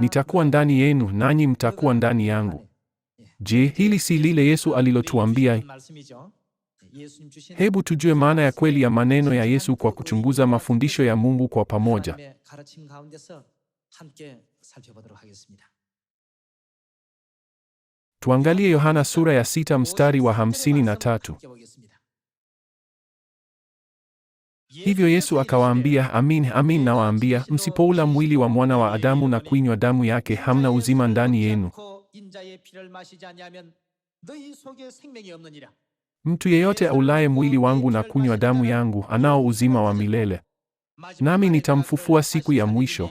nitakuwa ndani yenu nanyi mtakuwa ndani yangu. Je, hili si lile Yesu alilotuambia? Hebu tujue maana ya kweli ya maneno ya Yesu kwa kuchunguza mafundisho ya Mungu kwa pamoja. Tuangalie Yohana sura ya sita mstari wa hamsini na tatu. Hivyo Yesu akawaambia, amin amin nawaambia, msipoula mwili wa mwana wa Adamu na kuinywa damu yake, hamna uzima ndani yenu. Mtu yeyote aulaye mwili wangu na kunywa damu yangu anao uzima wa milele, nami nitamfufua siku ya mwisho.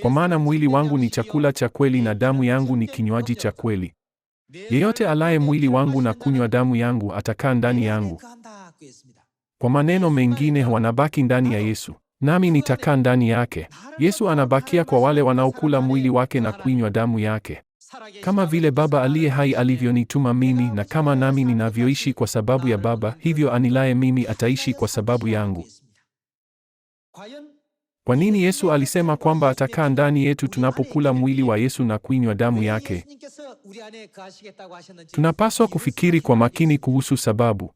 Kwa maana mwili wangu ni chakula cha kweli na damu yangu ni kinywaji cha kweli. Yeyote alaye mwili wangu na kunywa damu yangu atakaa ndani yangu, kwa maneno mengine, wanabaki ndani ya Yesu nami nitakaa ndani yake. Yesu anabakia kwa wale wanaokula mwili wake na kuinywa damu yake. Kama vile Baba aliye hai alivyonituma mimi, na kama nami ninavyoishi kwa sababu ya Baba, hivyo anilaye mimi ataishi kwa sababu yangu. Kwa nini Yesu alisema kwamba atakaa ndani yetu tunapokula mwili wa Yesu na kunywa damu yake? Tunapaswa kufikiri kwa makini kuhusu sababu.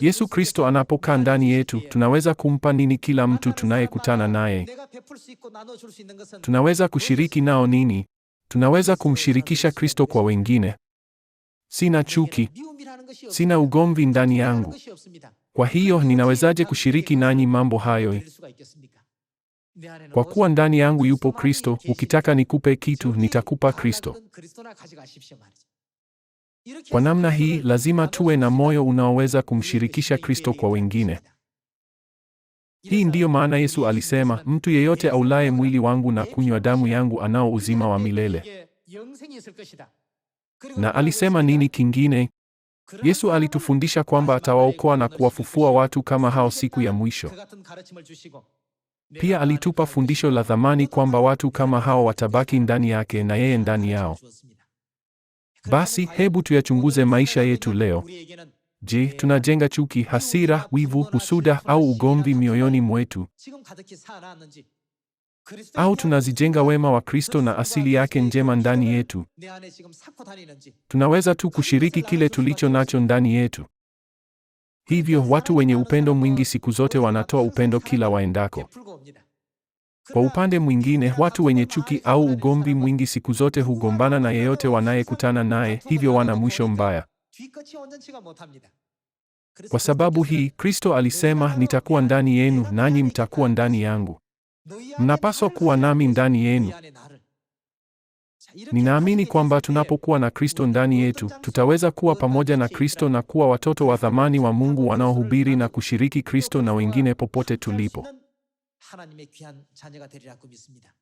Yesu Kristo anapokaa ndani yetu, tunaweza kumpa nini kila mtu tunayekutana naye? Tunaweza kushiriki nao nini? Tunaweza kumshirikisha Kristo kwa wengine. Sina chuki, sina ugomvi ndani yangu. Kwa hiyo ninawezaje kushiriki nanyi mambo hayo? Kwa kuwa ndani yangu yupo Kristo, ukitaka nikupe kitu, nitakupa Kristo. Kwa namna hii, lazima tuwe na moyo unaoweza kumshirikisha Kristo kwa wengine. Hii ndiyo maana Yesu alisema, mtu yeyote aulaye mwili wangu na kunywa damu yangu anao uzima wa milele. Na alisema nini kingine? Yesu alitufundisha kwamba atawaokoa na kuwafufua watu kama hao siku ya mwisho. Pia alitupa fundisho la thamani kwamba watu kama hao watabaki ndani yake na yeye ndani yao. Basi hebu tuyachunguze maisha yetu leo. Je, tunajenga chuki, hasira, wivu, husuda au ugomvi mioyoni mwetu? Au tunazijenga wema wa Kristo na asili yake njema ndani yetu? Tunaweza tu kushiriki kile tulicho nacho ndani yetu. Hivyo watu wenye upendo mwingi siku zote wanatoa upendo kila waendako. Kwa upande mwingine, watu wenye chuki au ugomvi mwingi siku zote hugombana na yeyote wanayekutana naye, hivyo wana mwisho mbaya. Kwa sababu hii, Kristo alisema, nitakuwa ndani yenu nanyi mtakuwa ndani yangu. Mnapaswa kuwa nami ndani yenu. Ninaamini kwamba tunapokuwa na Kristo ndani yetu, tutaweza kuwa pamoja na Kristo na kuwa watoto wa thamani wa Mungu wanaohubiri na kushiriki Kristo na wengine popote tulipo. 하나님의 귀한 자녀가 되리라고 믿습니다.